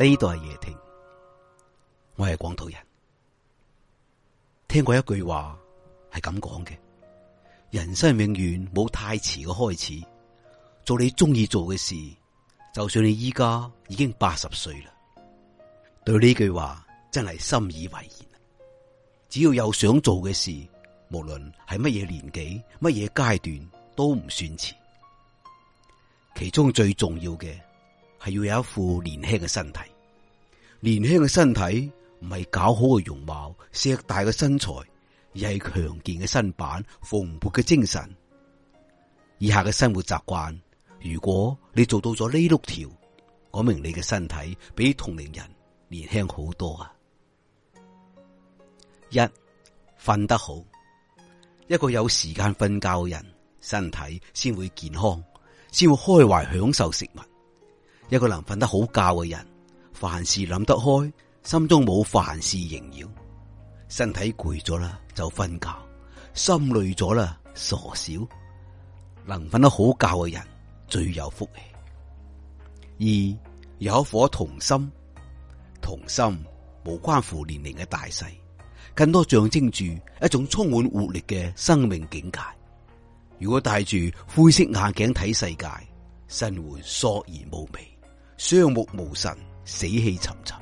呢度係夜聽，我係廣島人，聽過一句話係咁講嘅：人生永遠冇太遲嘅開始，做你中意做嘅事，就算你依家已經八十歲啦。對呢句話真係深以為然，只要有想做嘅事，無論係乜嘢年紀、乜嘢階段，都唔算遲。其中最重要嘅，係要有一副年輕嘅身體，年輕嘅身體唔係搞好嘅容貌、碩大嘅身材，而係強健嘅身板、蓬勃嘅精神。以下嘅生活習慣，如果你做到咗呢六條，講明你嘅身體比同齡人年輕好多啊！一、瞓得好，一個有時間瞓覺嘅人，身體先會健康，先會開懷享受食物。一個能瞓得好覺嘅人，凡事諗得開，心中冇凡事縈繞，身體攰咗啦就瞓覺，心累咗啦傻笑。能瞓得好覺嘅人最有福氣。二、有一顆童心，童心無關乎年齡嘅大細，更多象徵住一種充滿活力嘅生命境界。如果戴住灰色眼鏡睇世界，生活索然無味。雙目無神、死氣沉沉，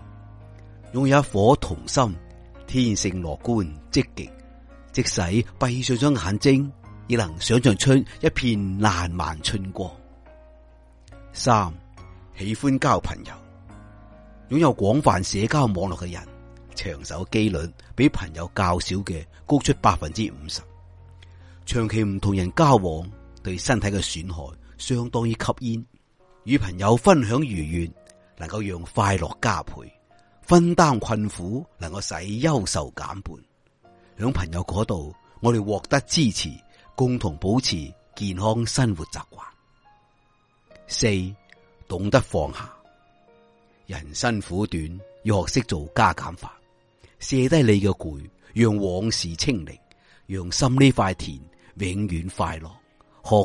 擁有一顆童心，天性樂觀、積極，即使閉上咗眼睛，亦能想象出一片爛漫春光。三、喜歡交朋友，擁有廣泛社交網絡嘅人，長壽機率比朋友較少嘅高出百分之五十。長期唔同人交往，對身體嘅損害相當於吸煙。與朋友分享愉悅，能夠讓快樂加倍；分擔困苦，能夠使憂愁減半。喺朋友嗰度，我哋獲得支持，共同保持健康生活習慣。四，懂得放下，人生苦短，要學識做加減法，卸低你嘅攰，讓往事清零，讓心呢塊田永遠快樂。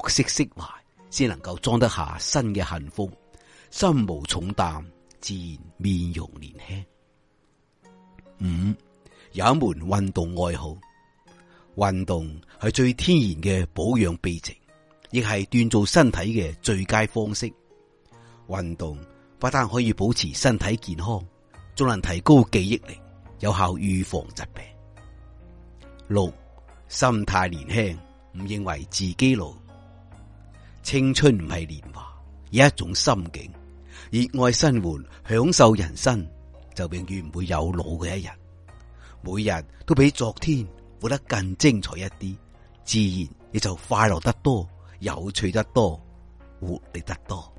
學識釋懷。先能夠裝得下新嘅幸福，心無重擔，自然面容年輕。五有一門運動愛好，運動係最天然嘅保養秘籍，亦係鍛造身體嘅最佳方式。運動不但可以保持身體健康，仲能提高記憶力，有效預防疾病。六心態年輕，唔認為自己老。青春唔係年華，而一種心境熱愛生活、享受人生，就永遠唔會有老嘅一日。每日都比昨天活得更精彩一啲，自然亦就快樂得多、有趣得多、活力得多。